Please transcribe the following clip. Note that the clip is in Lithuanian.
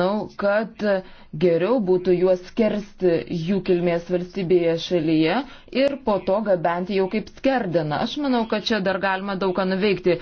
Manau, kad geriau būtų juos skersti jų kilmės valstybėje šalyje ir po to gabenti jau kaip skerdeną. Aš manau, kad čia dar galima daug ką nuveikti.